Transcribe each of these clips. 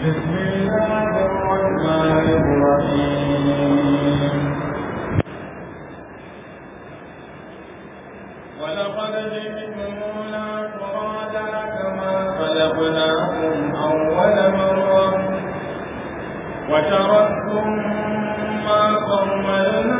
بسم الله الرحمن الرحيم ولقد جئتمونا خلقناكم أول مرة وتركتم ما قولنا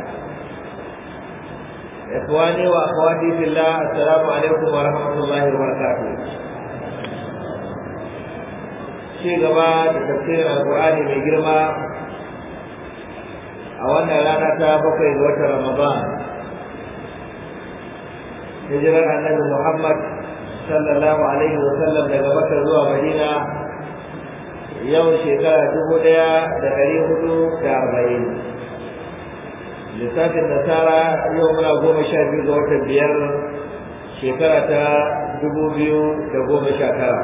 ikhwani wa akhwati fillah assalamu alaikum wa rahmatullahi wa barakatuh ci gaba da tafsirin alqur'ani mai girma a wannan rana ta bakwai ga watan Ta hijirar annabi muhammad sallallahu alaihi wa sallam daga makka zuwa madina yau shekara dubu ɗaya da ɗari hudu da arba'in lissafin nasara yau muna goma sha biyu ga watan biyar shekara ta dubu biyu da goma sha tara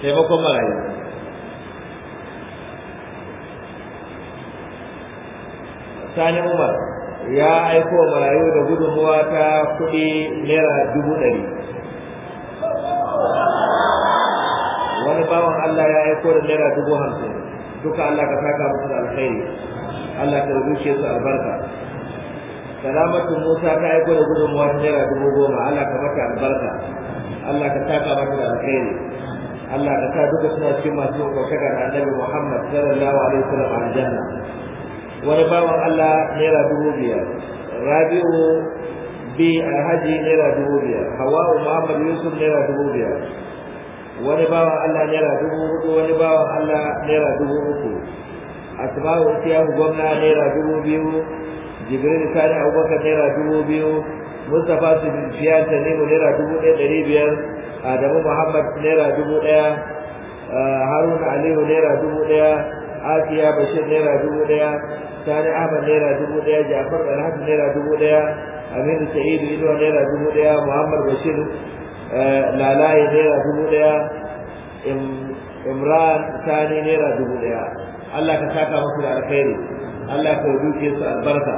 taimakon marayu sani umar ya aiko marayu da gudunmuwa ta kuɗi naira dubu ɗari wani bawan allah ya aiko da naira dubu hamsin duka allah ka saka musu da alkhairi Allah ta zuciya su albarka salamatu Musa ta aiko da gudunmuwa ta naira dubu goma Allah ka mata albarka Allah ka saka mata da alkhairi Allah ka sa duka suna cikin masu kokaka da Annabi Muhammad sallallahu alaihi wasallam a aljanna wani bawan Allah naira dubu biyar Rabi'u bi Alhaji naira dubu biyar Hawa'u Muhammad Yusuf naira dubu biyar wani bawan Allah naira dubu hudu wani bawan Allah naira dubu uku asba'u siyahu gwamna naira dubu biyu jibril sani abubakar naira dubu biyu mustapha sufiyan naira dubu ɗaya adamu muhammad naira dubu ɗaya haruna aliyu naira dubu ɗaya asiya bashir naira dubu ɗaya sani ahmad naira dubu ɗaya jafar alhaji naira dubu ɗaya aminu sa'idu ido naira dubu ɗaya muhammad bashir naira dubu ɗaya imran sani naira dubu ɗaya Allah ka saka musu da alkhairi Allah ka rubuce su albarka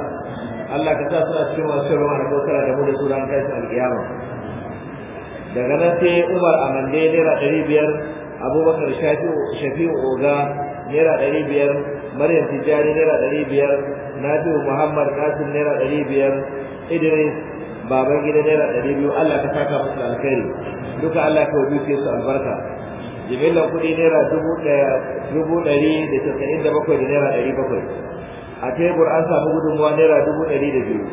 Allah ka sa su a cikin wasu ruwa da kokara da mu da su ran kai su alkiyama daga nan sai Umar Amande naira ɗari biyar Abubakar Shafi'u Oga naira ɗari biyar Maryam Tijjani naira ɗari biyar Nafi'u Muhammad Kasim naira ɗari biyar Idris Babangida gida naira ɗari biyu Allah ka saka musu alkhairi duka Allah ka rubuce su albarka jimillar kuɗi naira dubu dubu ɗari da casa'in da bakwai da naira ɗari bakwai a tebur an samu gudunmuwa naira dubu ɗari da biyu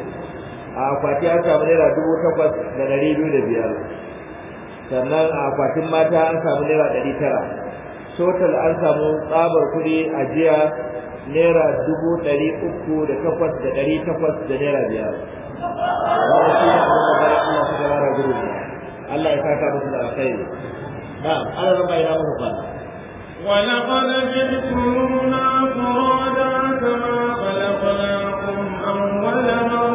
a akwati an samu naira dubu takwas da ɗari biyu da biyar sannan a akwatin mata an samu naira ɗari tara total an samu tsabar kuɗi a jiya naira dubu ɗari uku da takwas da ɗari takwas da naira biyar Allah ya saka musu da alkhairi na'am ana raba ina muka kwana ولقد جئتمونا فرادا كما خلقناكم أول مرة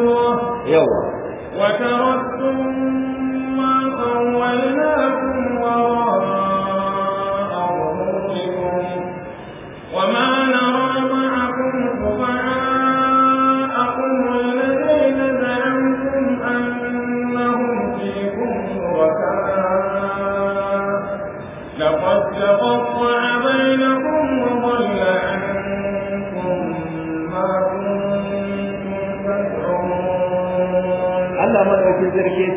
يوم وتركنا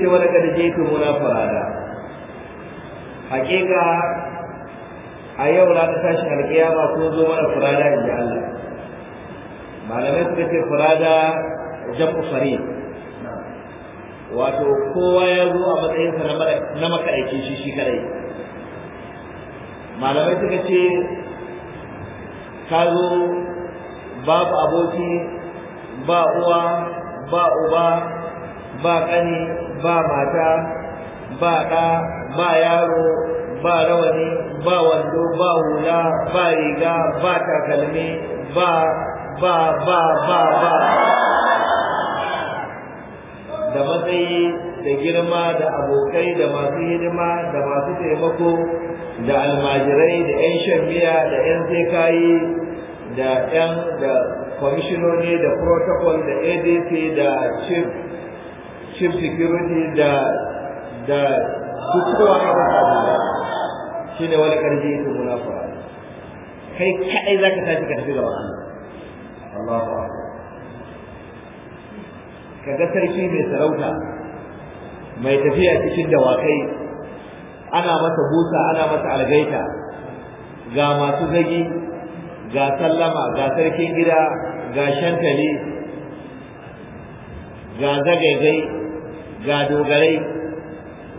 ce wani kada jefe muna farada hakika a yau na ta tashi alƙiyama ko zo mana farada inda Allah malamai suka ce farada jam'u farid wato kowa ya zo a matsayinsa na makaɗaici shi shi kadai malamai suka ce ka zo babu aboki ba uwa ba uba ba ƙani ba mata ba ɗa ba yaro ba rawani ba wando ba hula ba riga ba takalmi ba ba ba ba ba da matsayi da girma da abokai da masu hidima da masu taimako da almajirai da 'yan shan miya da 'yan kayi da 'yan da kwamishinoni da protocol da adc da chief chief security da da su a ya abu ba ne wani karfi muna fara kai kadai zaka tafi ka tafi gaba Allahu Ka ga sarki mai sarauta mai tafiya cikin dawakai ana masa busa ana masa algaita ga masu zagi ga sallama ga sarkin gida ga shantali ga zagaigai ga dogarai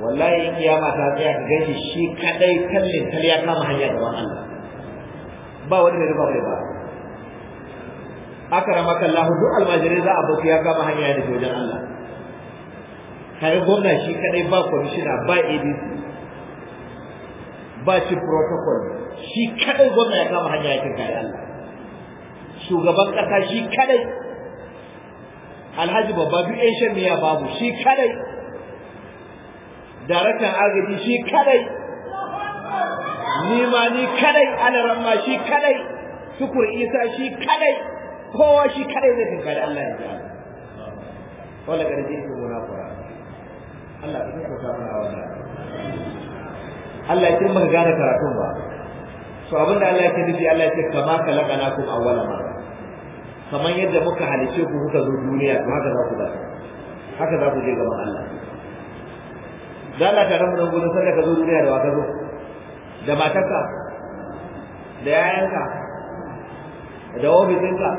wallahi in kiyama ta tsaya ka shi kadai kallin kal ya kama hanya gaban Allah ba wani ne rubar ba aka rama kallahu duk almajirai za a bauta ya kama hanya da wajen Allah kare gwamna shi kadai ba kwamishina ba ADC ba shi protocol shi kadai gwamna ya kama hanya ya kirkare Allah shugaban kasa shi kadai alhaji babba duk yan shan miya babu shi kadai daraktan agaji shi kadai nima ni kadai alaran ma shi kadai sukur isa shi kadai kowa shi kadai zai tunkari Allah ya ji wala garje ku fara Allah ya kuka mana wannan Allah ya ce mun gane karatun ba so abinda Allah ya ce Allah ya ce kama kalakanakum awwala ma kamar yadda muka halice ku kuka zo duniya to haka za ku ba haka za ku je gaban Allah da Allah ta rabu nan gudun sai ka zo duniya da wata zo da matarka da yayanka da ofisinka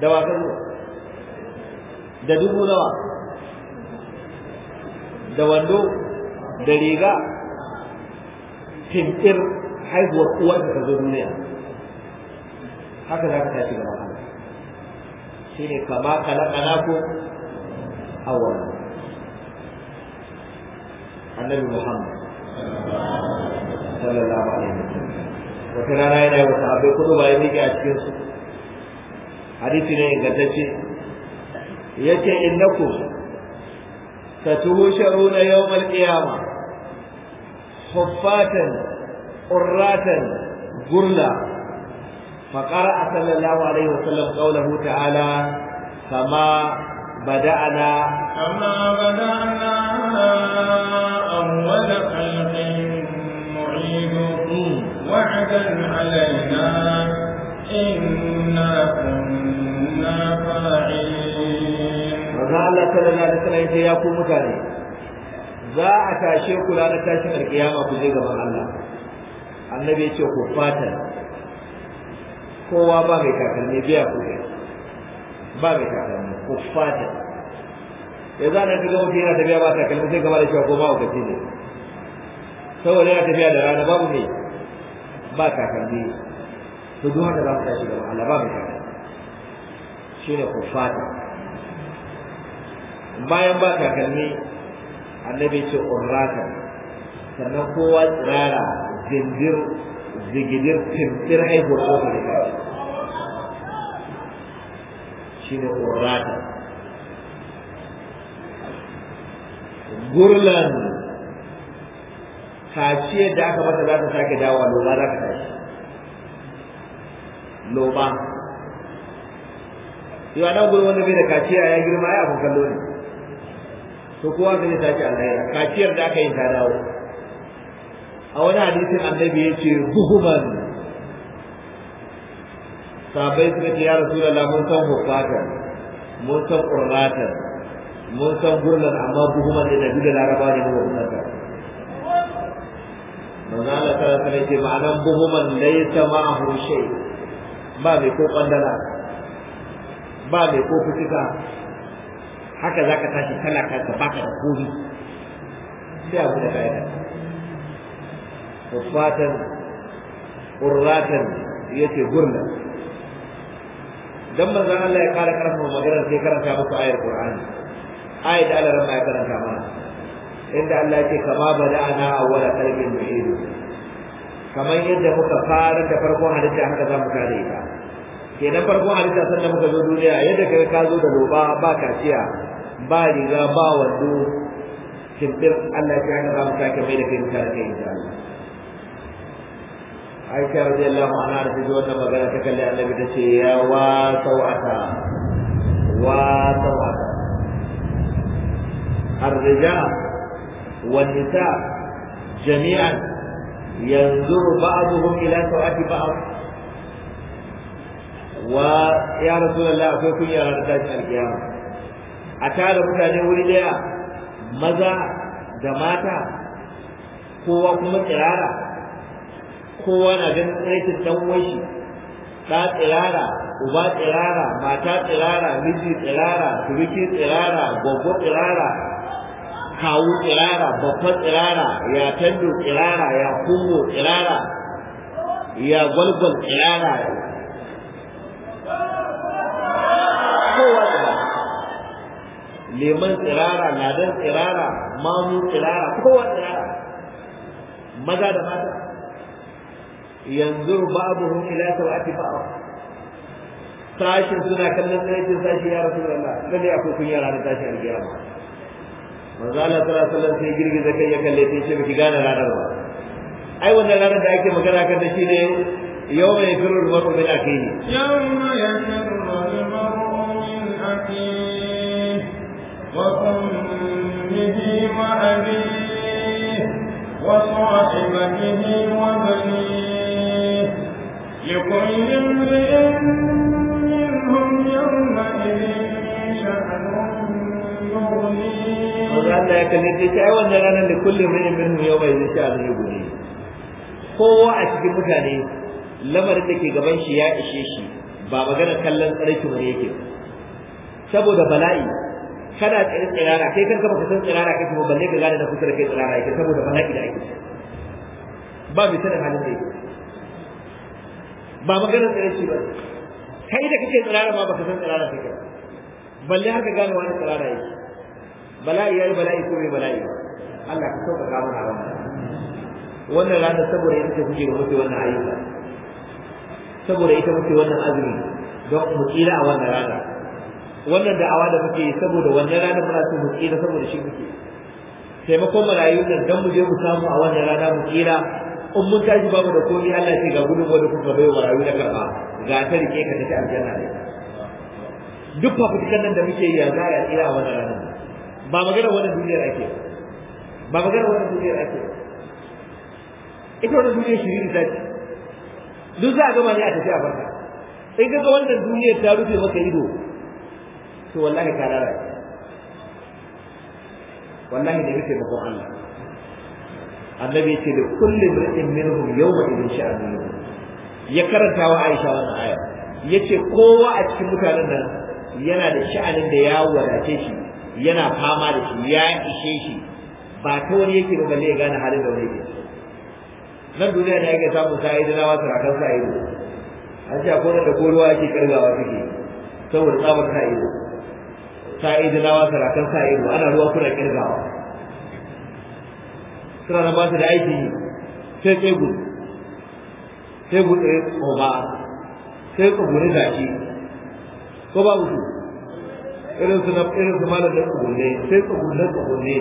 da wata zo da dubu nawa da wando da riga tintir haihuwar uwarka ka zo duniya haka za ka tashi gaban Allah shi ne kama kalakalakum awwal annabi Muhammad sallallahu alaihi wasallam wata rana yana yi wata abai kudu ba ya a cikin su hadisi ne ingantacce yace innakum ستهشرون يوم القيامة حفاة قراتا غرلا فقرأ صلى الله عليه وسلم قوله تعالى فما بدأنا فما بدأنا أول خلق نعيد وعدا علينا إنا كنا فاعلين وذا الله صلى الله عليه وسلم يا قوم za a tashe ku ranar tashin alkiyama ku je gaban Allah annabi ya ce ku fata kowa ba mai takalmi biya ko ba mai takalmi ko fata ya za na kaga mutum yana tafiya ba takalmi sai gaba da cewa ko ba kace ne saboda yana tafiya da rana babu ne ba takalmi to duk haka za mu tashi gaba Allah ba mai takalmi shine ko fata bayan ba takalmi annabi ce urrata sannan kowa tsirara zindir zigidir tintir haihuwar kotu da shine qurrata gurlan kaciyar da aka mata za ta sake dawa loba za ka tashi loba yau a nan gurin wanda bai da kaciya ya girma ya abin kallo ne to kowa zai kaciyar da aka yi ta dawo a wani hadisin annabi ya ce buhuman sahabbai suka ce ya rasulullah mun san hukata mun san qurratan mun san gurnan amma buhuman da nabi da laraba ne mun san ta manzo Allah ta sanar ce ma'anan buhuman laysa ma'ahu shay ba mai ko kandala ba mai ko fitika haka zaka tashi kana kanka baka da kuri sai abu da kayan hufatan qurratan yace gurnan dan manzo Allah ya kare karfafa magana sai karanta muku ayar Qur'ani ayar da Allah ya karanta mana inda Allah yake kama ana awwala qalbin muhid kamar yadda muka fara da farkon an haka zamu kare Ke kenan farkon halitta sanda muka zo duniya yadda kai ka zo da roba ba kaciya ba riga ba wando bir Allah ya kare zamu sake mai da kai mutane kai insha Allah aisha radiyallahu anha da ta ji wannan magana ta kalli annabi ta ce ya wa sawata wa sawata الرجال والنساء جميعا ينظر بعضهم إلى سوءة بعض ويا رسول الله akwai kunya ranar tashin alkiyama a tara mutane wuri daya maza da mata kowa kuma tsirara kowa na ganin tsiraitin dan shi ɗa tsirara uba tsirara mata tsirara miji tsirara suruki tsirara gwaggo tsirara kawu tsirara babban tsirara ya tando tsirara ya kungo tsirara ya gwalgwal tsirara kowa leman tsirara ladan tsirara mamu tsirara kowa tsirara maza da mata yanzu ba'dhum ila sawati ba'd sashin suna kallon tsayin sashi ya rasulullah lalle akwai kun yara da tashi alkiyama manzo Allah sallallahu alaihi wasallam sai girgiza kai ya kalle biki gane ranar ba ai ranar da ake magana kan shi ne yau mai firul mar'u min akhihi yau mai firul mar'u min akhihi لكل امرئ منهم يومئذ شأن Wanda Allah ya kalle ta yi wannan ranar da kullum mai minhu yau mai zai sha zai gobe. Kowa a cikin mutane lamarin da ke gaban shi ya ishe shi ba magana kallon tsarki wani yake saboda bala'i kana tsare tsirara kai kanka baka san tsirara kake ba balle ka gane da kusa da kai tsirara yake saboda bala'i da ake ba bi sanin halin da yake ba magana tsirarci ba kai da kake tsirara ma baka san tsirara take balle har ka gane wani tsirara yake bala'i yayi bala'i ko mai bala'i Allah ka sauka mana rana wannan rana saboda ita ce kuke mutu wannan ayyuka saboda ita muke wannan azumi don mu tsira a wannan rana wannan da'awa da muke yi saboda wannan rana muna so mu tsira saboda shi muke taimakon marayu nan don mu je mu samu a wannan rana mu tsira in mun tashi babu da komai Allah ce ga gudun wani kuma bai wa rayu na karba ga ta rike ka tafi aljanna ne duk fafutukan nan da muke yi yanzu ya tsira a wannan ranar ba magana wannan duniyar ake ba magana wannan duniyar ake ita wannan duniyar shiriri ta ce duk za a gama ne a tafi a farka. in ka ga wannan duniyar ta rufe maka ido to wallahi ka lalace wallahi da yake bakon Allah annabi ce da kulli mar'in minhum yawma idin sha'ani ya karanta wa Aisha wannan aya yace kowa a cikin mutanen nan yana da sha'anin da ya wadace shi yana fama da shi ya ishe shi ba ta wani yake ba balle ya gane halin da wani yake nan duniya da yake samun sa'i da rawa sarakan sa'i an ce akwai da ko ruwa yake karbawa take saboda tsabar sa'i sa'i da rawa sarakan sa'i ana ruwa kuna kirgawa suna na ba su da aikin yi sai tsegu sai buɗe ƙoba sai ƙogone zaki ko ba su irin su na irin su malam da ƙogone sai ƙogone ƙogone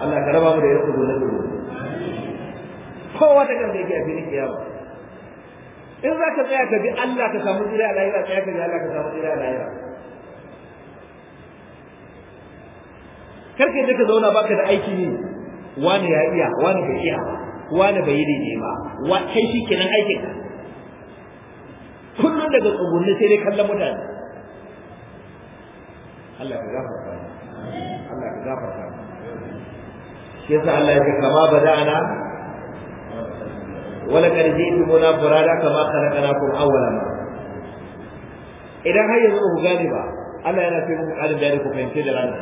Allah ka raba mu da irin ƙogone ƙogone kowa ta kan da yake a filin kiyama in za ka tsaya ka bi Allah ka samu tsira a lahira tsaya ka bi Allah ka samu tsira a lahira karke da ka zauna baka da aiki ne wani ya iya wani bai iya wani bai yi ne ba wa kai shi kenan aikin ka kullum daga tsugunni sai dai kallon mutane Allah ka gafarta Allah ka gafarta shi yasa Allah ya ce kama bada'ana wala karji'tumuna burada kama khalaqnakum awwala ma idan har yanzu ku gane ba Allah yana cewa ku kada da ku fahimce da ranar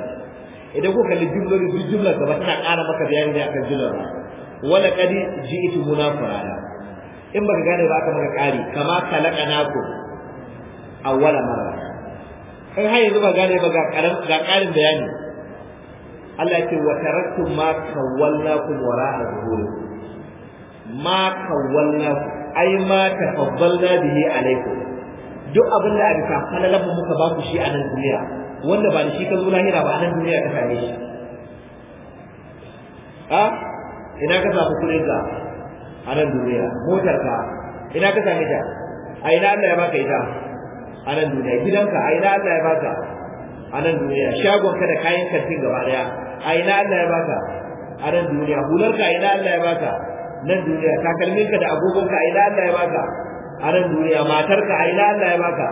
idan ku kalli jumlar duk jumlar gaba tana ƙara maka bayani ne akan jumlar wala qad ji'tu munafara in baka gane ba ka maka ƙari kama kalaqanakum awwala marra in har yanzu ba gane ba ga ƙarin bayani Allah ya ce wa taraktum ma kawwallakum wara'a zuhurikum ma kawwalna ai ma tafaddalna bihi alaikum duk abin da aka falalafa muka ba ku shi a nan duniya wanda ba da shi ka zo lahira ba nan duniya ka same shi a ina ka samu kudin ka a nan duniya motar ka ina ka same ta a ina Allah ya baka ita a nan duniya gidanka a ina Allah ya baka a nan duniya shagon ka da kayan kantin gaba daya a ina Allah ya baka a nan duniya hular ka a ina Allah ya baka nan duniya takalmin ka da agogon ka a ina Allah ya baka a nan duniya matar ka a ina Allah ya baka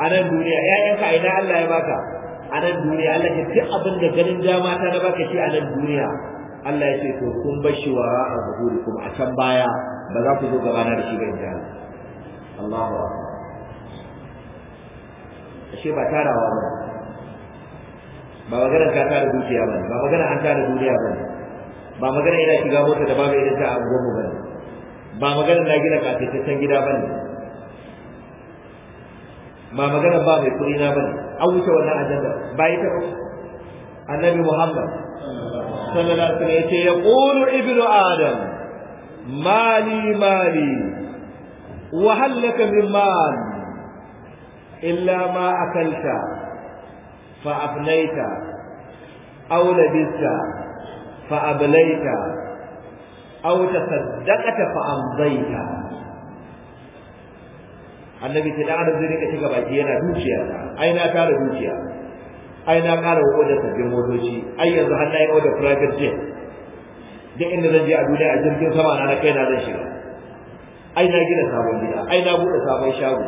a nan duniya ƴaƴanka a ina Allah ya baka a nan duniya Allah ya ce abin da ganin dama ta na baka shi a nan duniya Allah ya ce to kun bar shi wa a zuhurikum a can baya ba za ku zo gaba na da shi ba in Allahu akbar ashe ba tarawa ba ba magana ka tara dukiya ba ba magana an tara duniya ba ba magana ina shiga mota da babu idan ta a ba ba magana na gina kafin ta gida ba ne ba magana ba mai kuɗi na bane an wuce wannan ajanda ba ita ba annabi muhammad sallallahu alaihi wasallam yace yaqulu ibnu adam mali mali wa hal laka min mal illa ma akalta fa afnaita aw labista fa ablaita aw tasaddaqata fa amdaita annabi ta dan zai rika shiga baki yana dukiya ai na tara dukiya ai na kare wa da sabbin motoci ai yanzu har na yi order private jet da inda zan je a duniya a jirgin sama na na kai na zan shiga ai na gina sabon gida ai na bude sabon shago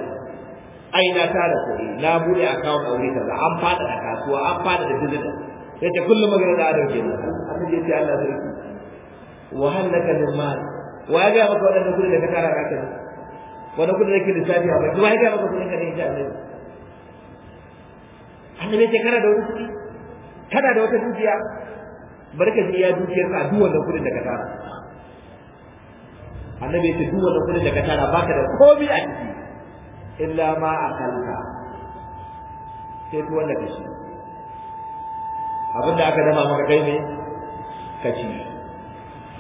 ai na tara kuɗi na bude account a wuri kaza an fada da kasuwa an fada da business sai ta kullum magana da adam kenan annabi ya ce Allah zai wahalaka lil mal wa ya ga maka wadannan kudi da ka tara ka kenan wani kudin yake lissafi a bai kuma ya ba kudin ka ne ya ji annabi annabi ce kana da wani kuɗi kana da wata dukiya bari ka ya dukiyar ka duk wannan kudin da ka tara annabi ya ce duk wannan kudin da ka tara baka da komai a ciki illa ma akalta sai ku wanda kashi abinda aka dama maka kai ne ka ci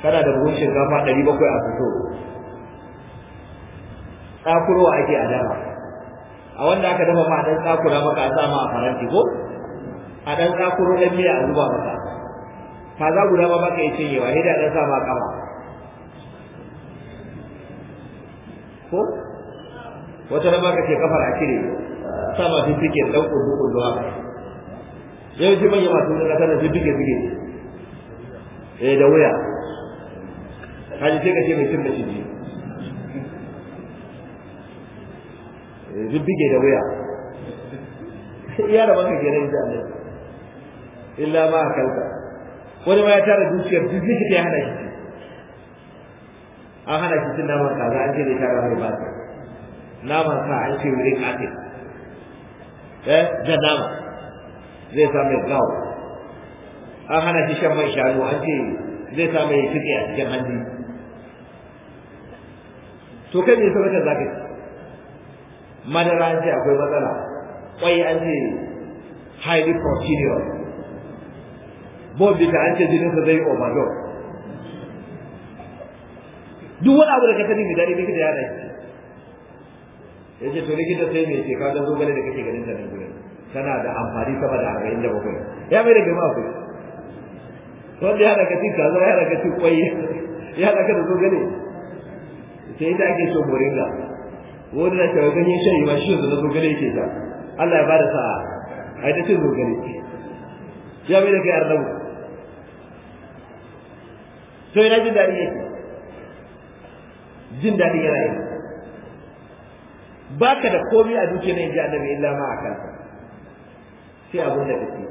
kana da buhun shinkafa ɗari bakwai a fito tsakurowa ake a dafa a wanda aka dafa ma dan tsakura maka a sa ma a faranti ko a dan tsakuro dan miya a zuba maka kaza guda ba baka ce cinyewa ne da dan sa ma kama ko wata raba ka ce kafar a cire sama su suke dan kudu kudu haka yau ji manya masu da kasar da su suke suke eh da wuya hajji sai ka ce mai cin da shi bige da wuya iya da baka gare da Allah illa ma kalka wani ma ya tara dukiyar duk ta ya hana shi an hana shi cin naman kaza an ce da tara mai ba ta naman sa an ce wurin ake eh da nama zai sa mai gawo an hana shi shan mai shanu an ce zai sa mai fiƙe a cikin hanji to kai ne sabata zaka yi madara ce akwai matsala kwai an ce highly bob bombita an ce jininsa zai overdose duk wani abu da ka tafi mai daɗi likita ya da shi ya ce to likita sai mai ce kaga zo gane da kake ganin ta nan tana da amfani sama da arba'in da bakwai ya mai da gama ku wanda ya daga cin kaza ya daga cin kwai ya daga da zo gane sai da ake so moringa wani na kawo ganye shan yi ba shi da zogale yake ta Allah ya bada sa'a ai ta cin zogale ya mai da kai arnabu to ina jin daɗi yake jin daɗi yana yi baka da komai a dukiyar nan ji annabi illa ma akan sai abin da kake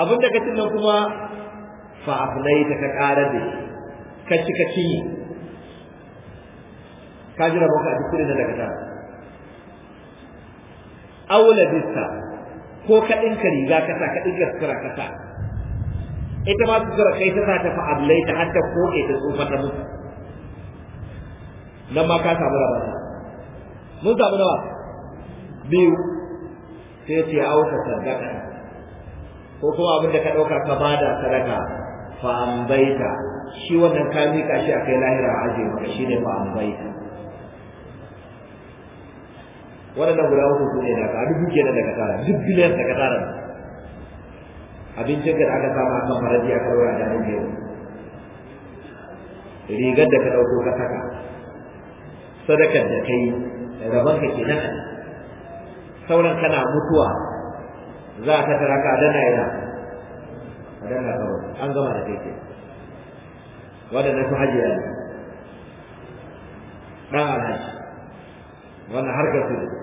abin da kake nan kuma fa aflaita ka ƙara da ka ci ka ci ka jira baka a duk da daga ta Aula labista ko ka dinka riga ka sa ka dinka sutura ka sa ita ma sutura kai ta sa ta fa ta hatta ko ta tsufa ta mutu nan ma ka samu rabata mun samu nawa biyu sai ce auka sadaka ko kuma abin da ka ɗauka ka bada sadaka fa ambaita shi wannan ka miƙa shi a kai lahira a ajiye maka shi ne fa ambaita waɗannan guda uku su ne daga a dubu kenan da ka tara duk biliyan da ka tara abincin ka da aka samu akan faraji a kawai a daren biyu rigar da ka ɗauko ka saka sadakar da kai rabon ka ke nan sauran kana mutuwa za a tattara ka dana yana a dana kawai an gama da kai ke waɗannan su hajiya ne ɗan alhaji wannan harkar su ne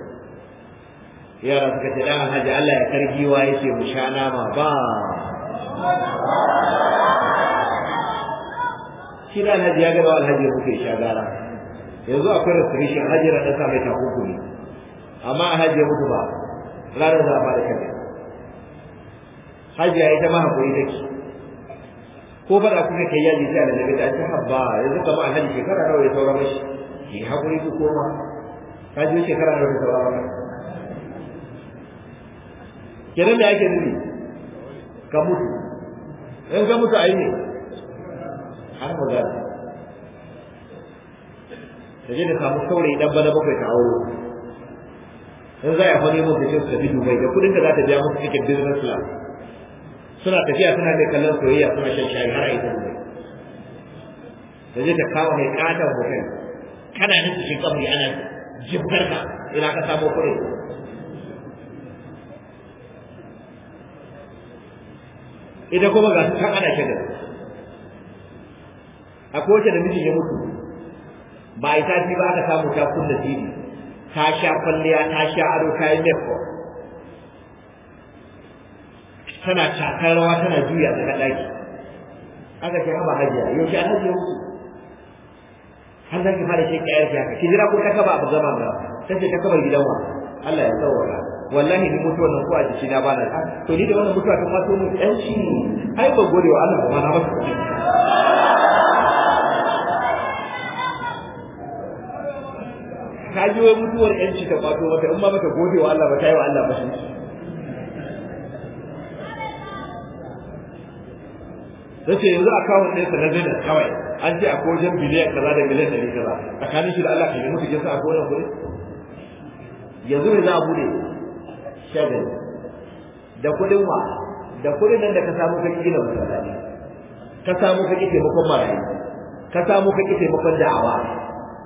yara suka ce dan haji Allah ya kargiwa yake mu sha nama ba shi na Haji ya gaba alhaji ya kuke sha gara yanzu akwai restriction Haji na ɗasa mai takunkumi amma Haji ya mutu ba ranar za a fara ya yi ita ma hakuri take ko fada kuka kai yaji sai annabi da ta habba yanzu kamar Haji shekara nawa ya saura mashi ki hakuri ku koma Haji shekara nawa ya saura shi? kenan me ake nufi ka mutu in ka mutu ai ne an magana ta je da samu saurayi dan bana bakwai ta auro in za a fari mun kace su sabi dubai da kudin da za ta biya musu cikin business class suna tafiya suna mai kallon soyayya suna shan shayi har a yi ta dubai ta je ta kawo mai katon hotel kana nan cikin kamar ana jibgar ka ina ka samu kuɗi ita kuma ga kan ana shaga akwai wacce da miji ya mutu ba ita ce ba aka samu ta kunna tv ta sha kwalliya ta sha ado ta yi mekko tana cakar rawa tana juya daga ɗaki aka ce haba hajiya yaushe an ya mutu har zaki fara shi ƙayar ki haka ki jira ko ta kaba abu zama ba ce ta kaba gidan wa Allah ya tsawara wallahi ni mutuwa nan ko a jiki na bana ta to ni da wannan mutuwa kan ma so mu yanci ai ba gode wa Allah ba na ba ka ji wai mutuwar yanci ta kwato mata in ba mata gode wa Allah ba ta yi wa Allah ba shi Sace yanzu akawun ɗinsa na zai da kawai an ji a kojin biliyan kaza da miliyan ɗari kaza tsakanin shi da Allah ka yi mutu gisa a kowane kuɗi yanzu ne za a bude shagali da kudin wa da kudin nan da ka samu ka gina masallaci ka samu ka taimakon marayi ka samu ka taimakon da'awa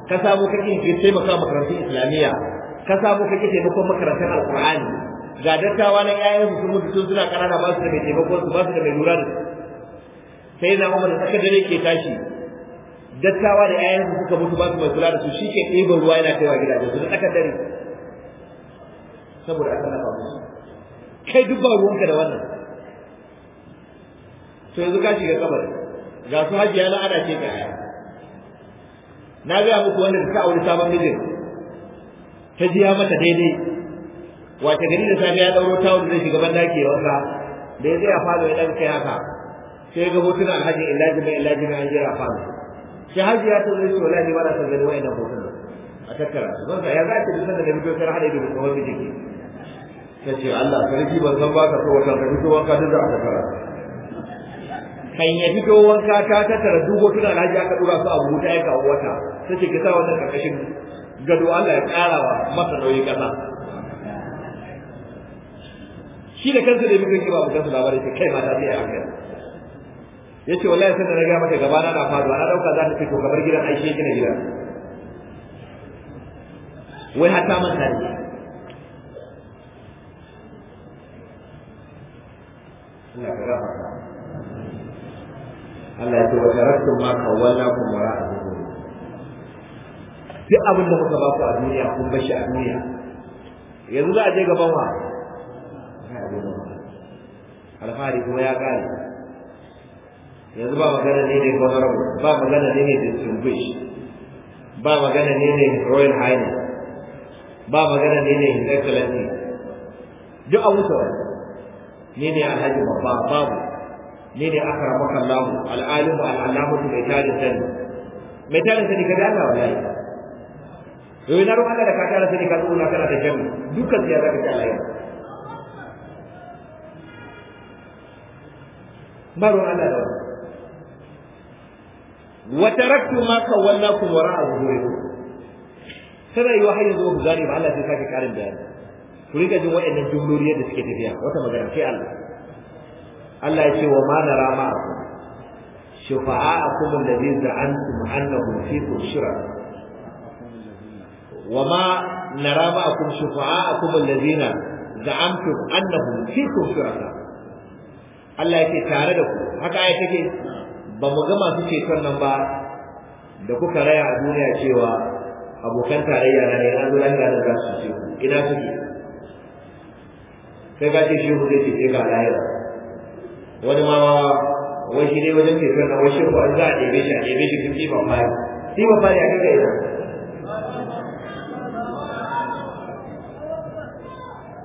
ka samu ka taimaka makarantun islamiyya ka samu ka taimakon makarantar alkur'ani ga dattawa na ƴaƴan su mutu tun suna ƙanana ba su da mai taimakon su ba su da mai lura da su sai na Umar da dare ke tashi dattawa da ƴaƴan su suka mutu ba su mai kula da su shi ke ɗiban ruwa yana kaiwa gidajen su da tsakar dare saboda an tallafa musu kai duk ba ruwanka da wannan to yanzu ka shiga kabari ga su hajiya na ana ce kaya na ga muku wanda ta aure sabon mijin ta jiya mata daidai wata gari da safiya ya dauro ta wanda zai shiga ban daki ya wanka da ya tsaya falo ya dan haka sai ga hotunan alhaji illaji mai illaji mai an jira falo sai hajiya ta zai ce ne ba na san gani wa'annan hotunan a tattara zan ka ya za ka duka daga bidiyo sai hada ido da tsohon jiki ta ce Allah sarki ban san baka so wata ka fito wanka duk da a tattara kan ya fito wanka ta tattara duk hotuna na ji aka dura su a buta ya kawo wata ta ce ki sa wannan karkashin gado Allah ya ƙara masa nauyi ƙasa shi da kansa da muka kiba mutum labarai ce kai mata sai a hankali yace wallahi sai da na ga mata gabana na faduwa na dauka za ta fito kamar gidan aishe gina gidan wai har ta manta da Allah ka Allah ya ce wa taraktum ma kawallakum wara'a zuhuri duk abin da muka ba ku a duniya kun bar shi a duniya yanzu za a je gaban wa alfahari kuma ya kare yanzu ba magana ne ne ba magana ne ne distinguish ba magana ne ne royal highness ba magana ne ne in excellency duk a wuce wani ne ne alhaji babba babu ne ne aka rabu kallahu al'alimu al'alamatu mai tarin sani mai tarin sani ka dana wallahi yau na ruwan da ka tara sani ka tsuna kana da jami dukkan siya za ka ci alayyar ba ruwan Allah da wani ma taraktu ma kawallakum wara'a zuhurikum tana yi wa har yanzu ku gane ba Allah sai sake karin bayani ku rika jin waɗannan jumloli yadda suke tafiya wata magana sai Allah Allah ya ce wa ma nara ma'akum shufa'a'akum alladhi za'antum annahum fikum shuraka wa ma nara ma'akum shufa'a'akum alladhina za'amtum annahum fikum shuraka Allah ya ce tare da ku haka ai take ba mu ga masu ceton nan ba da kuka raya a duniya cewa abokan tarayya na ne an zo lahira da za su ce ina suke sai ka ce shehu zai ce ga lahira wani ma wai shi dai wajen ceton na wai shehu an za a ɗebe shi a ɗebe shi sun ɗiban bayan ɗiban bayan ya kaga ina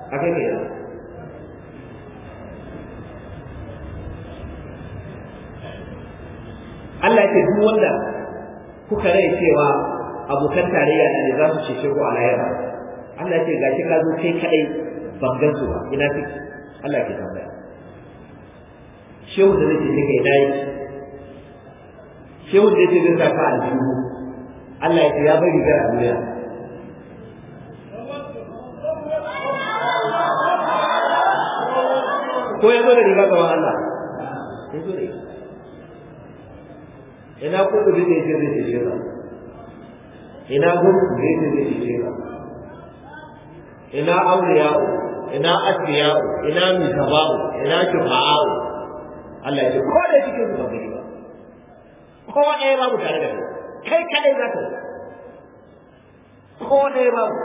a kaga ina Allah ya ce duk wanda kuka rai cewa abokan tarayya da ne za su ce ko a lahira Allah ce gashi ka zo kai kadai ban gan su ba ina ce Allah ke tambaya shehu da zai ce kai dai shehu da zai sa ka aljihu Allah ya ce ya bari ga duniya ko ya zo da riga gaban Allah ya zo da ina ko da zai ce zai ce shehu ina gun ne ne zai ishe ka ina auriya'u ina asiya ina misaba'u ina shufa'a'u Allah ya ce ko da cikin ku ba ba ko ɗaya babu tare da kai kadai za ka ko ɗaya babu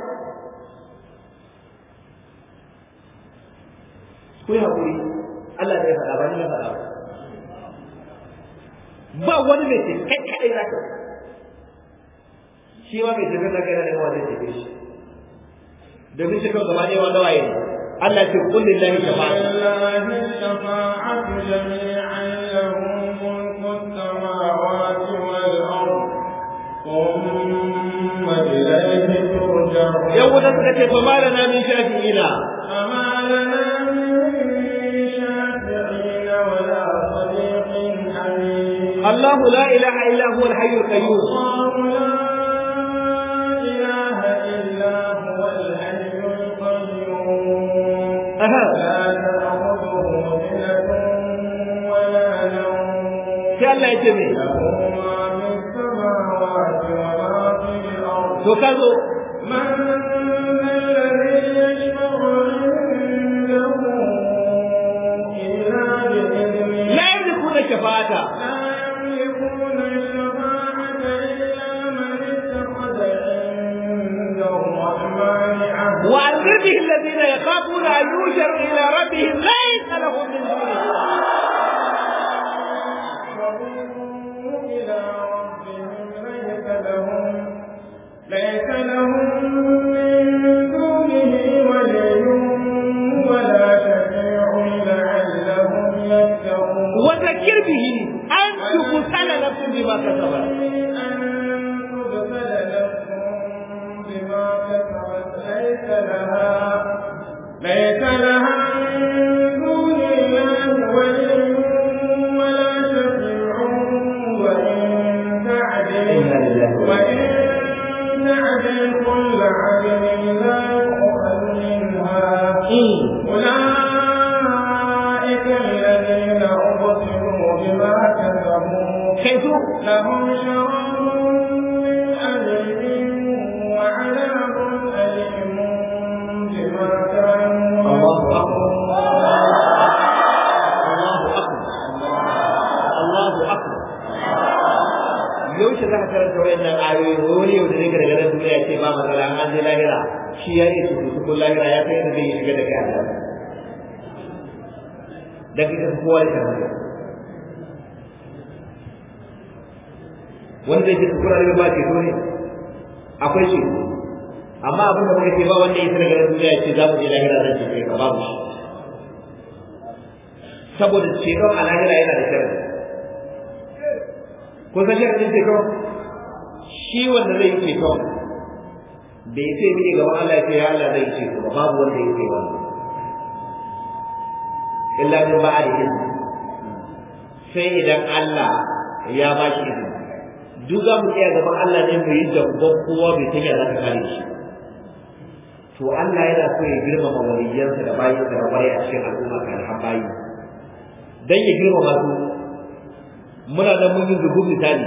ku ya ku Allah ya faɗa ba ni na faɗa ba ba wani mai ce kai kadai za ka shi ma mai tafiya kana da wani zai shi da shi kan gaba ne wanda waye Allah ce kullu lillahi shafa'atu jami'an lahu mulku samawati wal ard thumma ilayhi turja'un yau da suka ce fa malana min shafi'ina amma lana الله لا إله إلا هو الحي القيوم Allah ya ce ne to ka zo la yamlikuna shafa'ata وعن ربه الذين يخافون أن يوشر إلى ربهم لا da ita kowa ya tafi wanda yake kura daga ba ceto ne akwai shi amma abin da kuma ce ba wanda yake daga duniya ya ce za mu je lahira zan ce ka babu shi saboda ceton a lahira yana da sharadi ko san sharadin ceton shi wanda zai yi ceton bai sai ne gaba Allah ya ce ya Allah zai ce ba babu wanda yake ba illa min ba'di izni sai idan Allah ya ba shi izini duk za mu tsaya gaban Allah ne mu yi jabban kowa mai san ya za ka kare shi to Allah yana so ya girmama waliyansa da bayin da rabai a cikin al'umma kan bayi dan ya girmama su muna da mun yi zubu misali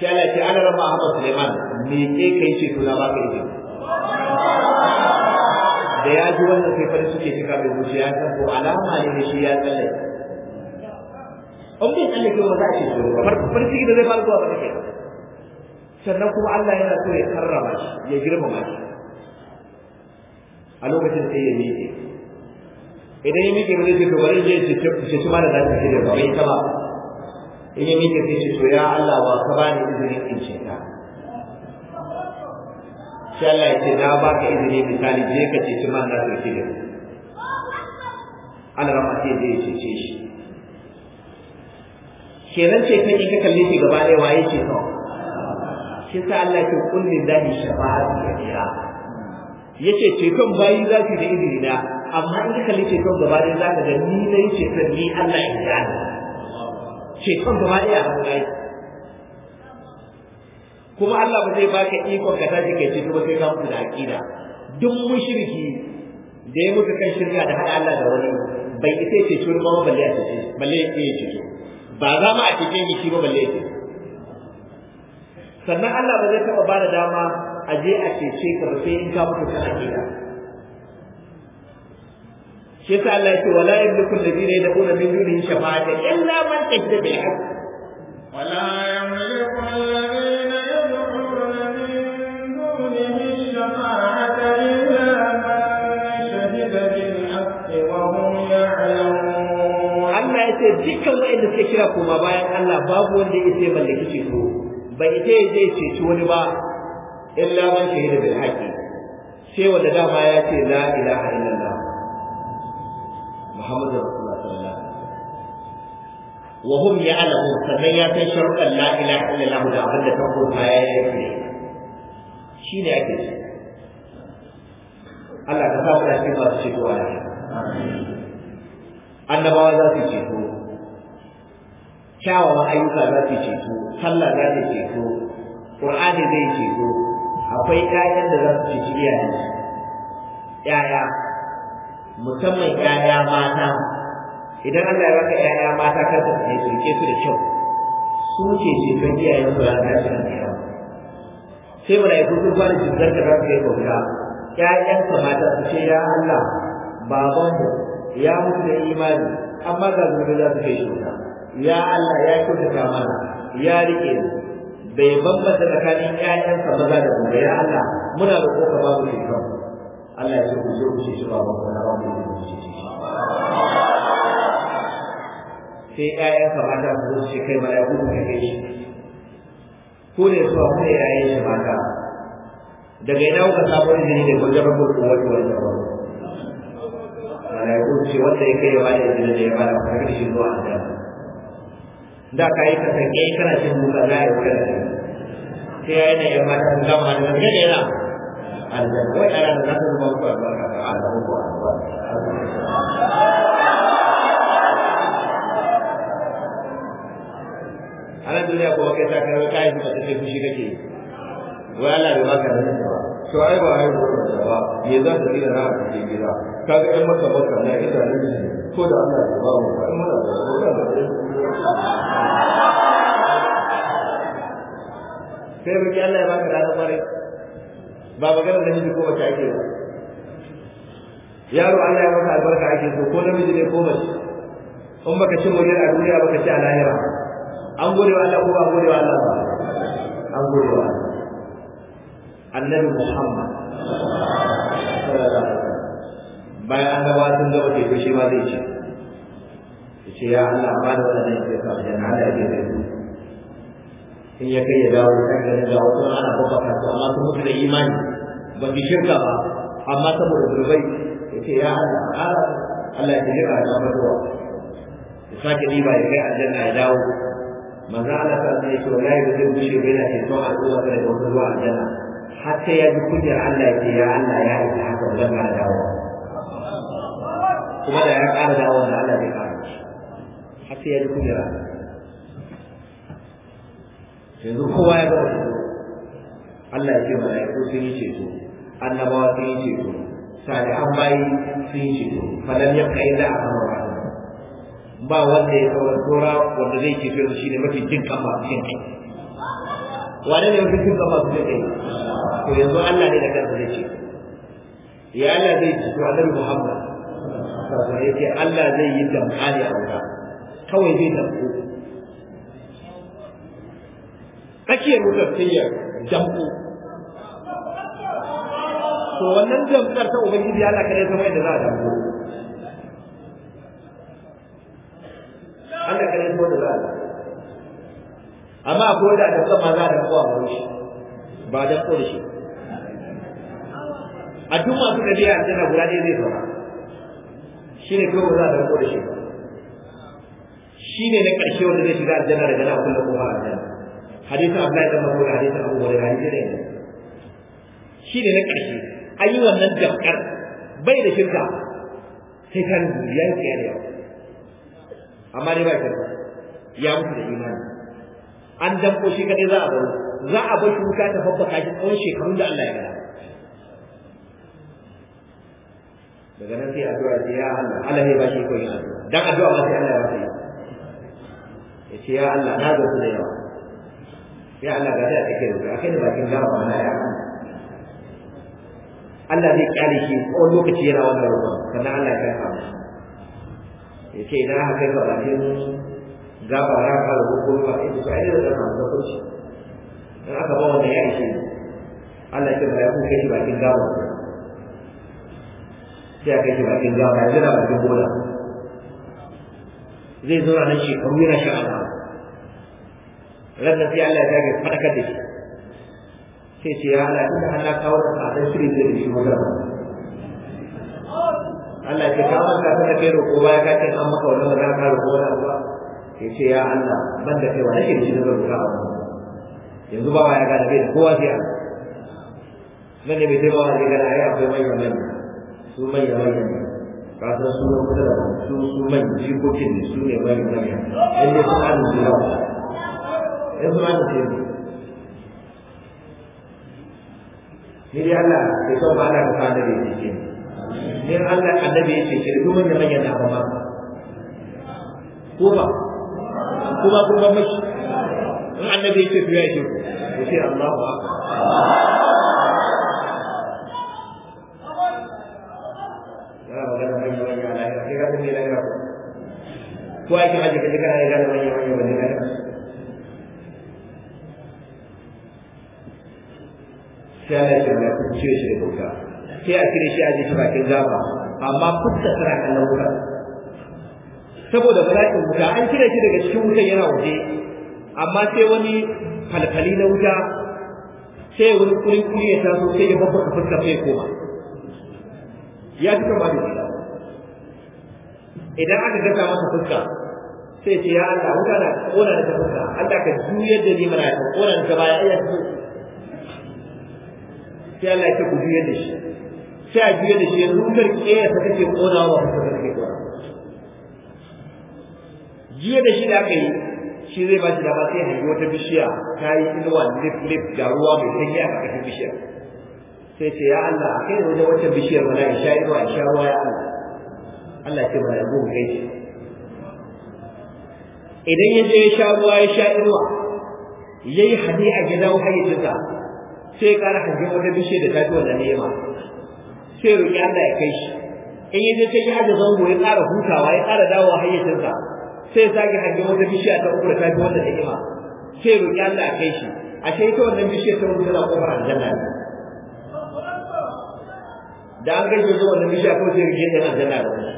sai Allah ya ce ana rama Ahmad Suleiman me kai ce to na baka izini da ya ji wannan sai farin suke cika mai zuciya ya san ko alama ne da shi ya tsalle in bai tsalle ke ba za a ce shi ba farin ciki da zai fara zuwa ba take sannan kuma Allah yana so ya karrama shi ya girmama shi a lokacin sai ya miƙe idan ya miƙe zai ce to bari je ce shi ma da za ta da ba bai ta ba in ya miƙe sai ce to ya Allah ba ka bani izinin in ce ta sai Allah ya ce na ba ka izini misali je ka ceci man da sarki da Allah rama sai zai cece shi kenan ce kai ka kalle shi gaba ɗaya waye ce kawai shi sa Allah ke kullin dahi shafa'atu kabira yace ceton bayi za ki da izini na amma in ka kalli ceton gaba ɗaya za ka ga ni na yi ceton ni Allah ya gane ceton gaba ɗaya a hannu kuma Allah ba zai baka ikon ka tashi kai ce kuma sai ka mutu da aqida duk mushriki da ya mutu kan shirka da hada Allah da wani bai ita ce ce ma balle ya ce balle ya ce ba za mu a cikin shi ba balle ya ce. sannan Allah ba zai taba bada dama a je a ce ka sai in ka mutu kan aqida shi yasa Allah ya ce wala yamliku ladina yad'una min dunihi shafa'a illa man tajda bil haqq wala yamliku alladhina ce dukkan waɗanda suke kira koma bayan Allah babu wanda ya sai mallaki ceto bai ita ya je ceci wani ba illa man shahida bil haqi sai wanda dama ya ce la ilaha illallah Muhammadu Rasulullah sallallahu alaihi wasallam wa hum ya'lamu sannan ya san sharuɗan la ilaha illallah da abin da kan kurfa ya yi shine ake so Allah ka sa annabawa za su ceto kyawawan ayyuka za su ceto sallah za ta ceto qur'ani zai ceto akwai ƴaƴan da za su ceci iyayensu ƴaƴa musamman ƴaƴa mata idan Allah ya baka ƴaƴa mata kar ka tsaye su rike su da kyau su ce ceton iyayen su ranar tashin alƙiyama sai mala'iku sun fara jinzar da za su yi bauta ƴaƴan mata su ce ya Allah babanmu ya mutu da imani amma ga zunubi za su kai shuka. ya Allah ya ta mana ya rike bai bambanta tsakanin ƴaƴansa maza da kuma ya Allah muna da ko ka ba mu shi kan Allah ya ce ku je ku ce shi ba ba ku ba mu ku ce shi sai ƴaƴansa mata su zo su kai mala'iku ku kai shi ko ne su ku ne ƴaƴan shi mata daga ina kuka sabon jini da kun jabar ku wani wani jabar malaiku su ce wanda ya kai ya bada da ya bada ku kai zuwa aljanna da ka yi ka sake kana cin buka za a yi kana cin sai ya yi da yan mata sun gama da zai da yana aljanna wai ana da nasu zuwa ku albarka ta ala ku ana duniya kuma kai sakarar kayan da ta ce fushi kake wai Allah bai baka da ba to ai ba ai ba ba me za ta gina na a cikin gida ka ga ƴan maka maka na ita nan ne ko da Allah ya ba mu ba in muna da ko da sai roki Allah ya baka ranar kwarai ba maganar da miji ko mace ake ba yaro Allah ya maka albarka ake so ko namiji ne ko mace in baka ci moriyar a duniya baka ci a lahira an gode wa Allah ko ba gode wa Allah ba an gode wa Allah annabi Muhammad bayan an gaba sun gaba ke kushe ba zai ce ya ce ya Allah ba da ne ya sa da na da yake in ya kai ya dawo kan ganin dawo kuma ana kuka kasu amma sun mutu da imani ba fi shirka ba amma saboda zurbai ya ce ya Allah Allah ya a da zuwa ya sake riba ya kai aljanna ya dawo manzo Allah sai ya ce wallahi ba zai bushe ba yana cewa al'umma kada ta mutu zuwa aljanna hatta ya ji kunyar Allah ce ya Allah ya isa haka ba zan ƙara dawo kuma da ya ƙara dawo da Allah zai ƙara shi hatta ya ji kunyar Allah yanzu kowa ya ga Allah ya ce mala'iku sun yi ceto annabawa sun yi ceto Sani an bayi sun yi ceto falan ya kai da aka ba ba wanda ya kawar tsora wanda zai ceto shi ne mafi jin kan masu jin wane ne mafi kuma masu su kai to yanzu Allah ne da kansa zai ce ya Allah zai ci to annabi Muhammad sallallahu alaihi Allah zai yi damhali a wuta kawai zai da ku kake sai ya damko to wannan damkar ta ubangiji Allah kare sama yadda za a damko Allah kare sama da za a amma akwai da da sama za da kowa gurin shi ba da kowa shi a duk masu da biya da guda ɗaya zai zama shi ne kawai za da kowa shi shi ne na ƙarshe wanda zai shiga aljanna da na kullum kuma aljanna hadisin abdullahi dan mabuda hadisin abu hurairah hadisin ne shi ne na ƙarshe ayi yi wannan jamkar bai da shirka sai kan ya yi amma dai ba shirka ya mutu da imani an damko shi kadai za a bar za a bar shuka ta babbaka shi tsawon shekarun da Allah ya gada daga nan sai addu'a sai ya Allah Allah ne ba shi ko yin dan addu'a ba sai Allah ya wasa ya ce ya Allah na ga su da yawa ya Allah ga da kake rubuta akai da bakin gaba na ya Allah zai kyale shi ko lokaci yana wannan ruwa sannan Allah ya kai ka ya ce idan haka ba bakin gaba ya kara ko ba ita ta ayyuka da kan zakunci in aka ba wanda ya ishe Allah ya ce ba ya kuka shi bakin gawa sai aka shi bakin gawa ya jira bakin gona zai zo nan shekaru yana sha'awa ranar sai Allah ya ga fadakar da shi sai ce ya Allah inda Allah kawo da tsadar shiri zai da shi magana Allah ke kawo ka tana kai roƙo baya ka ce an maka wannan ba za ka roƙo wannan ba ya ce ya Allah ban da kai wa nake da shi da roƙa yanzu ba ya gane bai da kowa sai Allah nan ne bai sai ba zai gane ai akwai manya manya su manya manya ne ka san su na kusa da su su manya jikokin ne su ne manya manya in dai sun hannun su yawa in sun hannun su ni dai Allah bai son ba Allah ka sa da bai cikin ni Allah annabi ya ce ki duk manya manya na ba ko ba kuma kun ban mashi in annabi yake to ya ce Allahu akbar ko aikin hajji kaje kana gane manyan manyan wani ne sai Allah ya tsara ku ce shi da kuka sai a kire shi a ji bakin gaba amma fuskar tana kallon wuta saboda bala'in wuta an cire shi daga cikin wutan yana waje amma sai wani falfali na wuta sai wani kuri kuri ya taso sai ya babba ka fuska sai koma ya fi kama da wuta idan aka gasa masa fuska sai ce ya Allah wuta na kona da fuska Allah ka juyar da ni mana ta kona da baya ya ta sai Allah ya ku juyar da shi sai a juyar da shi yanzu wutar ke ya saka ke kona wa fuska take kona jiya da shi da aka yi shi zai ba shi dama sai hanyar wata bishiya ta yi inuwa lip lip da ruwa mai sanyi a ƙarƙashin bishiyar sai ce ya Allah a kai wajen wata bishiyar mana in sha inuwa in sha ruwa ya Allah Allah ce mana zo kai gaishe idan ya je ya sha ruwa ya sha inuwa ya yi hadi a gida hayyacinsa sai ya ƙara hangen wata bishiyar da ta fi wannan nema sai roƙi Allah ya kai shi in ya je ta yi hajji zango ya ƙara hutawa ya ƙara dawowa hayyacinsa sai sake hange wata bishiya ta uku da ta bi wata ni'ima sai roƙi Allah ya kai shi ashe ita wannan bishiyar ta wuce tana kofar aljanna ne da an gaishe zuwa wannan bishiya ko sai rige ta aljanna ba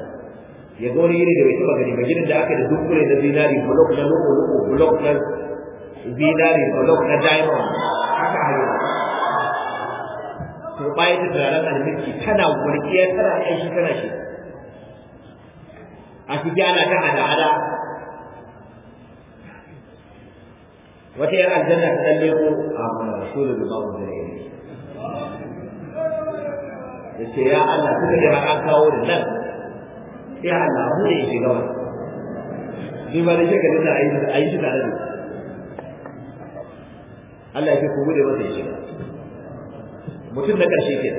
ya ga wani gini da bai taba gani ba gidan da aka da dukkule na zinari blok na loko loko blok na zinari blok na diamond haka hayo to bai ta turaren almiki tana gurkiya tana aiki tana shi a ciki ana ta hada hada wata yan aljanna ta tsalle ko a ah, mana rasulun da babu da ne Ya ce ya Allah suka da an kawo da nan sai Allah mu ne shi gawa ni ba da shi kalin da ayi shi tare da Allah ya ku gode masa shi mutum na karshe ke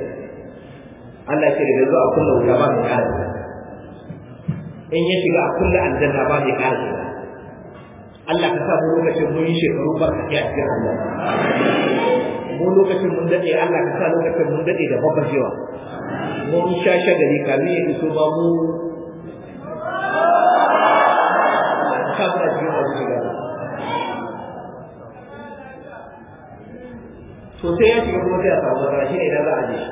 Allah ya ce da zuwa kullu ya ba ka in ya shiga kullu aljanna ba ne ƙara Allah ka sa mu lokacin mun yi shekaru ba ya a cikin Allah mu lokacin mun daɗe, Allah ka sa lokacin mun daɗe da babbar jewa mun sha shagali kamin ya iso ba mu to sai ya shiga kuma sai a samu zarra shi ne na za a je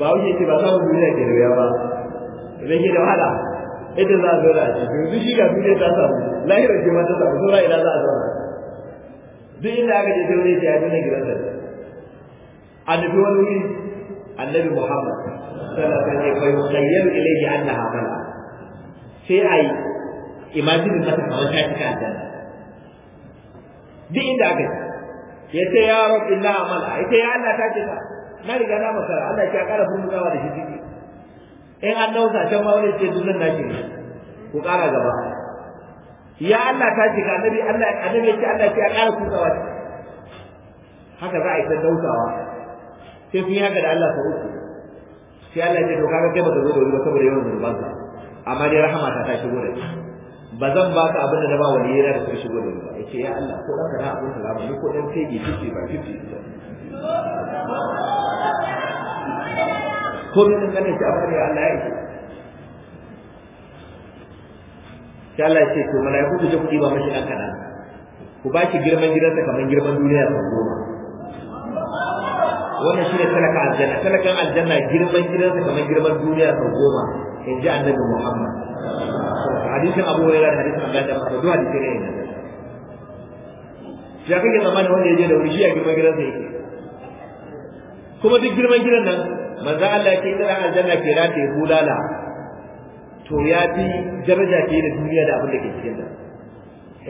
ba wuce ce ba samun duniya ke da wuya ba rage da wahala yadda za a zauna a ciki yanzu shi ga duniya ta samu lahirar shi ma ta samu saura ina za a zauna duk inda aka je sai wani ya nuna da a nufi wani wuri annabi muhammad sallallahu alaihi wasallam ya yusayyar ilayhi annaha bala sai ai imajinin mata kamar ta cika aljanna duk inda aka je ya ce ya rabbi la amala ya ce ya Allah ta ce na riga na masara Allah ya kara furmutawa da shi ciki in an dausa can ma wani ce dukkan naki ne ku ƙara gaba ya Allah ta ji ga nabi Allah annabi ya ce Allah ya ƙara kusawa haka za a yi ta dausawa sai sun yi haka da Allah ta uku sai Allah ya ce to kaga kai baka zo da wuri ba saboda yawan zurbanka amma dai rahama ta ta shigo da shi ba zan ba ka abin da na ba wani yana da kai shigo da wuri ba yace ya Allah ko ka da abin da ba ni ko dan fege fice ba fice ko min ganin ta abin da Allah ya yi Shi Allah ya ce to mana ku je kuɗi ba mashi ɗan kana ku ba shi girman gidansa kamar girman duniya ta goma wannan ne talaka aljanna talakan aljanna girman gidansa kamar girman duniya ta goma in ji annabi Muhammad hadisin Abu Hurairah da hadisin Abdullah da Mas'ud hadisi ne ya kake zamanin wanda ya je da wuri shi ya girman gidansa yake kuma duk girman gidan nan manzo Allah ke tsara aljanna ke rata ya bulala to ya fi daraja ke da duniya da abin da ke cikin ta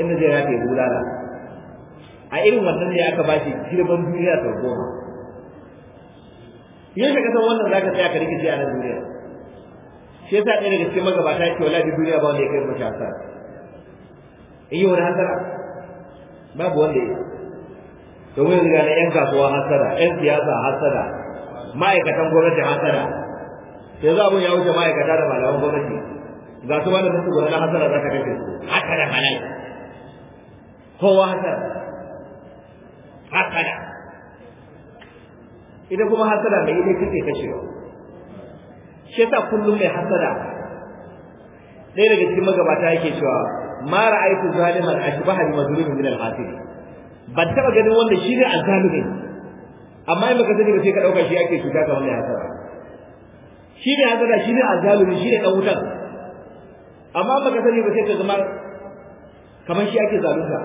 inda zai rata ya bulala a irin wannan ne aka bashi girman duniya sau goma yadda ka san wannan zaka tsaya ka rikice a nan duniya shi yasa ɗaya daga cikin magabata yake wallahi duniya ba wanda ya kai mu sa. in yi wani hasara babu wanda ya domin yanzu ga yan kasuwa hasara yan siyasa hasara ma'aikatan gwamnati hasara za mu ya wuce ma'aikata da malaman gwamnati ga su malamin su gwamnati hasara za ka kashe su haka da halal kowa hasara hasara Ina ita kuma hasara mai ita kake ba. shi ta kullum mai hasara ɗaya daga cikin magabata yake cewa ma ra'aytu zaliman ashbaha bi mazlumin min al-hasib ban taba ganin wanda shi ne azzalimi amma in baka sani ba sai ka dauka shi ake cuta ka wannan hasara shi ne hasara shi ne azalumi shi ne dan wutan amma baka sani ba sai ka zama kamar shi ake zalunta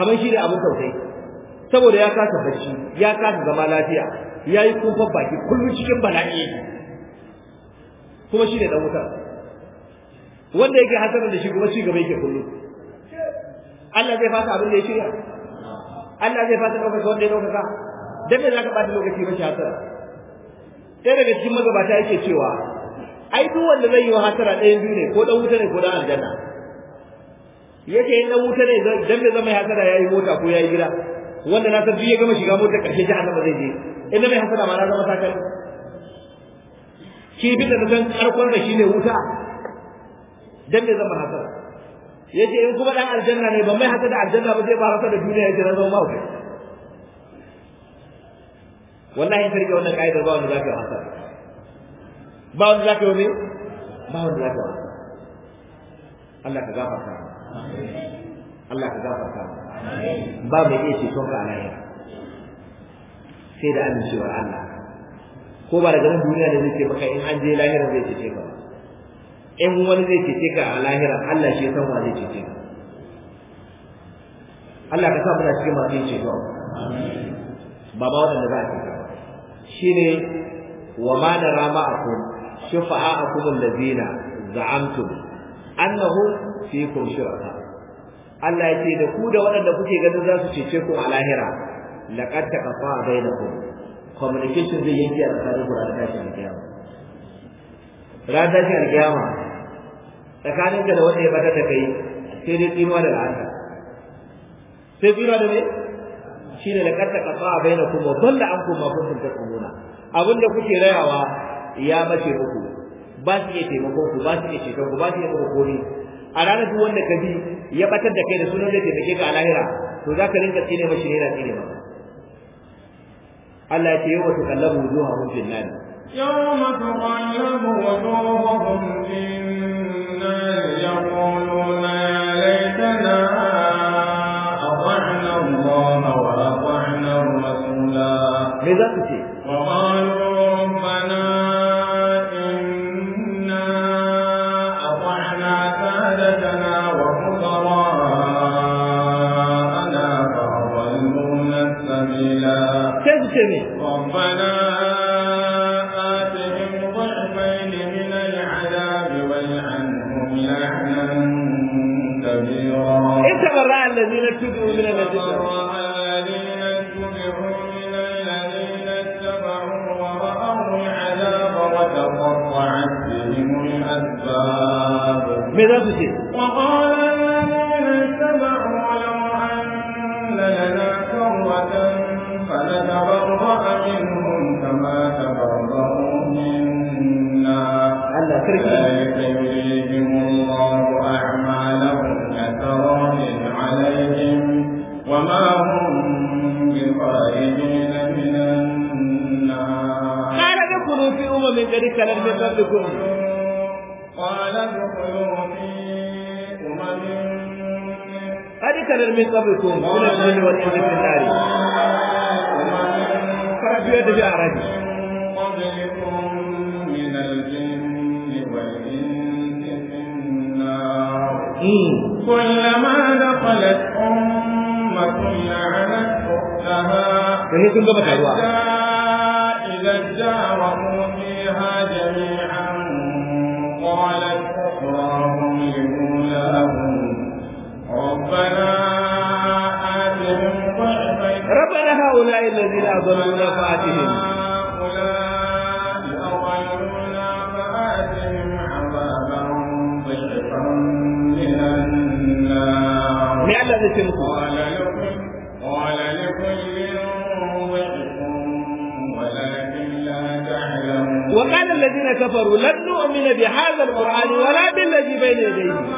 kamar shi ne abun tausayi saboda ya kasa bacci ya kasa zama lafiya ya yi kumfan baki kullum cikin bala'i kuma shi ne dan wutan wanda yake hasara da shi kuma ci gaba yake kullum Allah zai fasa abin da ya shirya Allah zai fasa ɗaukaka wanda ya ɗaukaka dan me zaka bada lokaci ba hasara sai daga cikin magabata yake cewa ai duk wanda zai yi wa hasara ɗayan biyu ne ko dan wuta ne ko dan aljanna yake in dan wuta ne dan me zama hasara yayi mota ko yayi gida wanda na san duk ya gama shiga mota karshe jahannama zai je in mai hasara ma na zama sakar ki bi da dan karkon da shine wuta dan me zama hasara yace in kuma dan aljanna ne ban mai hasara da aljanna ba zai ba sa da duniya ya jira zama mawuta wallahi ka wannan ka'idar ba wanda zaka yi wasa ba wanda zaka yi wani ba wanda zaka yi Allah ka gafarta Allah ka gafarta ba mai iya ceton ka a sai da amincewar Allah ko ba daga nan duniya da zai ce in an je lahira zai cece ka in wani zai cece ka a lahira Allah shi san wa zai cece ka Allah ka sa muna cikin masu yin ceto ba ba wadanda za a ce shine wa ma nara ma'akum shufa'akum allazina za'amtum annahum kun shuraka Allah ya ce da ku da waɗanda kuke ganin za su cece ku a lahira laqad taqafa bainakum communication zai yanke a tsakanin ku ranar tashin alƙiyama ranar tashin alƙiyama tsakaninka da wanda ya bata da kai sai dai tsinuwa da la'anta sai tsinuwa da me shine laqad don bainakum wa dalla kun ma kuntum taquluna abinda kuke rayawa ya mace uku ba su iya taimakon ku ba su iya ceton ku ba su iya kokori a ranar duk wanda ka bi ya batar da kai da sunan da taimake ka a lahira to za ka rinka tsine mashi ne na tsine ba Allah ya ce yau wasu kallabu zuwa hun finnani يوم تغيب وجوههم في النار يقولون يا a wannan الله وأطعنا الرسولا ماذا تسي قال ادخلوا في أمم قد كان من قبلكم من الجن والإنس في النار من الجن والإنس كلما دخلت أمة لعنت أختها هؤلاء الذين أضلوا نفعتهم نعم الذي قال لكل ضعف ولكن لا تعلمون وقال الذين كفروا لن نؤمن بهذا القرآن ولا بالذي بين يديه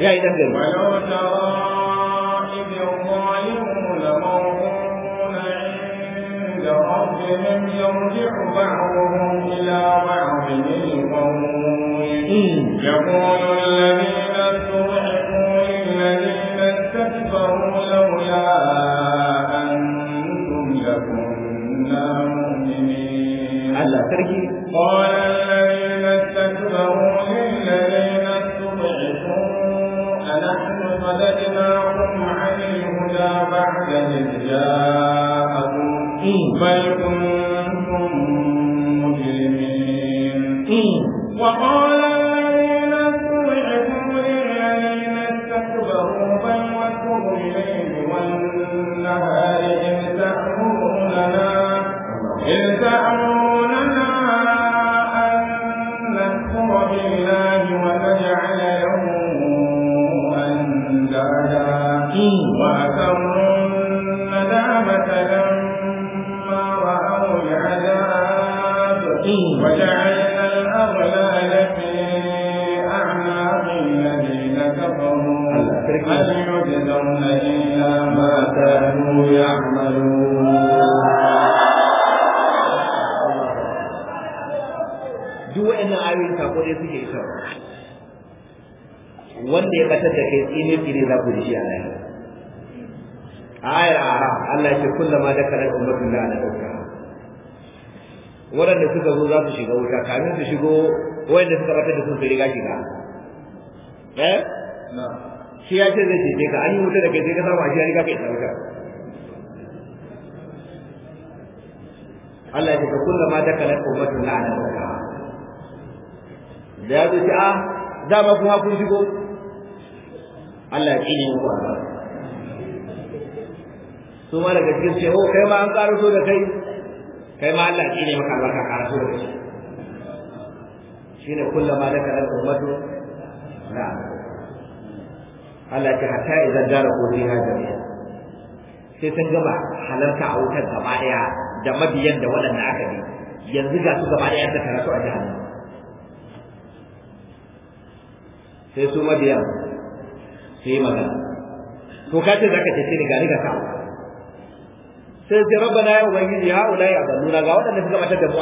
ya yi ɗangare. Yankunan kamin su shigo wanda suka bata da sun su riga shiga eh shi ya ce zai ce ka an yi wuta da kai sai ka samu a shi ya riga kai isa wuta Allah ya ce kullum ma dakala ummatun la'ana wa da ya zo ce ah, a ba kuma kun shigo Allah ya tsine muku albarka su ma daga cikin ce o oh, kai ma an karaso da kai kai ma Allah ya tsine maka albarka karaso da kai shine kullama da kalar ummatu na Allah ta hata idan dara ko fiha ne sai san gaba halarta a wutar gaba daya da mabiyan da wadanda aka bi yanzu ga su gaba daya da karatu a jahannama sai su mabiyan sai magana to ka ce zaka ce ni gari ga ka sai sai rabbana ya ubangiji ha ulai azalluna ga waɗanda suka mata da mu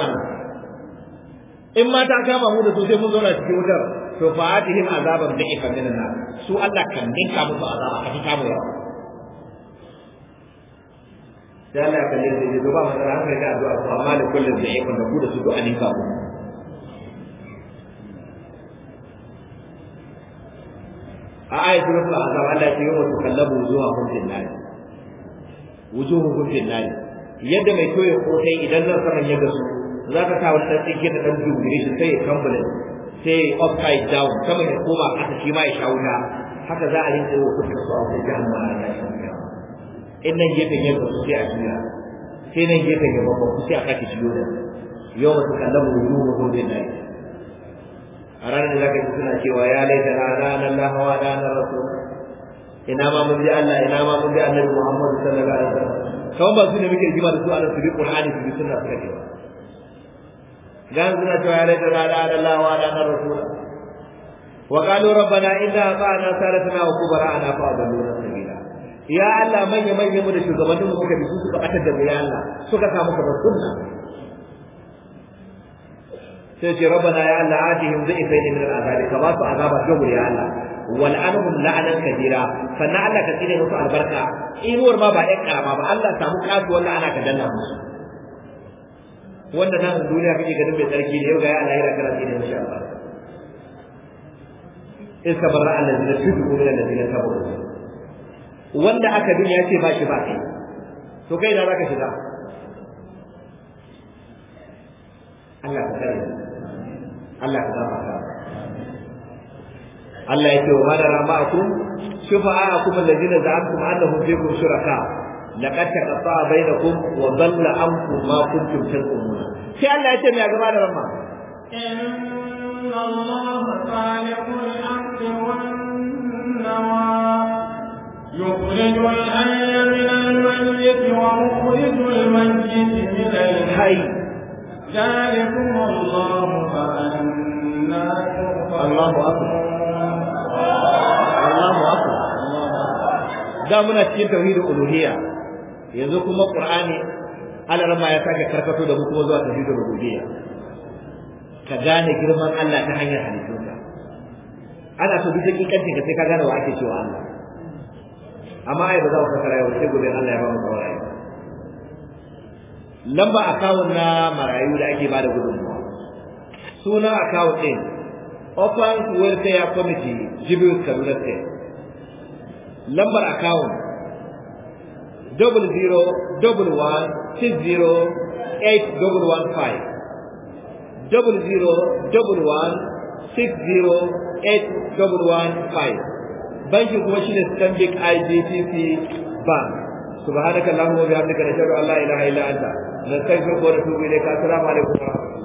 in ma ta kama mu da su sai mun zauna cikin wutar to fa atihim azaban da ifa min nan, su Allah kan ninka musu azaba a cikin mu yawa sai Allah kan kalle da mu masa hankali da addu'a to amma da kullum da ikon da ku da su du'a ninka mu a ayatul azab Allah ya ce yawa kallabu zuwa hukumin nan wujuhu hukumin nan yadda mai ko sai idan nan saman ya gasu za ka sa wani ɗan tsinke da ɗan gire shi sai ya kambula sai upside down sama ya koma haka shi ma ya sha wuta haka za a yi yi wa fuskar su a jihar jahannama ya shi kiyama in nan gefen yadda su sai a juya sai nan gefen ya babban su sai a kake shi da yau wasu kallon wuru wa hudu na yi a ranar da ka ji suna cewa ya laita na ranar lahawa ranar rasu ina ma mun bi Allah ina ma mun bi Annabi Muhammad sallallahu alaihi wasallam kawai ba su ne muke jima da su a nan su bi Qur'ani su bi sunna kake ba dan suna cewa ya laita na da Allah wa da rasula wa qalu rabbana inna ata'na sadatana wa kubara'ana fa adalluna sabila ya Allah manya manya mu da shugabannin mu suka bi su suka batar da Allah suka ka da sunna sai ce rabbana ya Allah atihim dhi'fayn min al'azabi ka ba su azaba dubur ya Allah wal'anhum la'anan kadira, sannan Allah ka tsine musu albarka inuwar ma ba ɗan ba Allah samu kasuwar la'ana ka danna musu wanda nan duniya kake ganin mai tsarki da yau ga ya lahira kana tsine insha Allah iska barra allazina tudku min allazina kafaru wanda aka duniya ya ce ba shi ba kai to kai da zaka shiga Allah ka kare Allah ka gafarta Allah ya ce wa da ma'akum shufa'a kuma allazina za'antum annahum fikum shuraka لقد تقطع بينكم وضل عنكم ما كنتم تزعمون. في الله يا جماعه ان الله خالق الحق والنوى يخرج الحي من الميت ومخرج الميت من الحي ذلكم الله فأنا الله اكبر الله اكبر الله اكبر ده من التوحيد الالوهيه yanzu kuma qur'ani alarma ya sake karkato da mu kuma zuwa tauhidul rububiyya ka gane girman Allah ta hanyar halittunka. ana so duk dakikancin ka sai ka gane wa ake cewa Allah amma ai ba za ku fara yau sai gobe Allah ya ba mu tsawara lamba akawun na marayu da ake bada gudunmuwa suna akawun din Open Welfare Committee Jibril Kaduna State lambar akawun double zero double one six zero eight double one five double zero double one six zero eight double one five bankin kuma shine Stanbic IGTC Bank subhanaka allahumma wa bihamdika nashhadu an la ilaha illa anta nastaghfiruka wa natubu ilayka assalamu alaikum wa rahmatullahi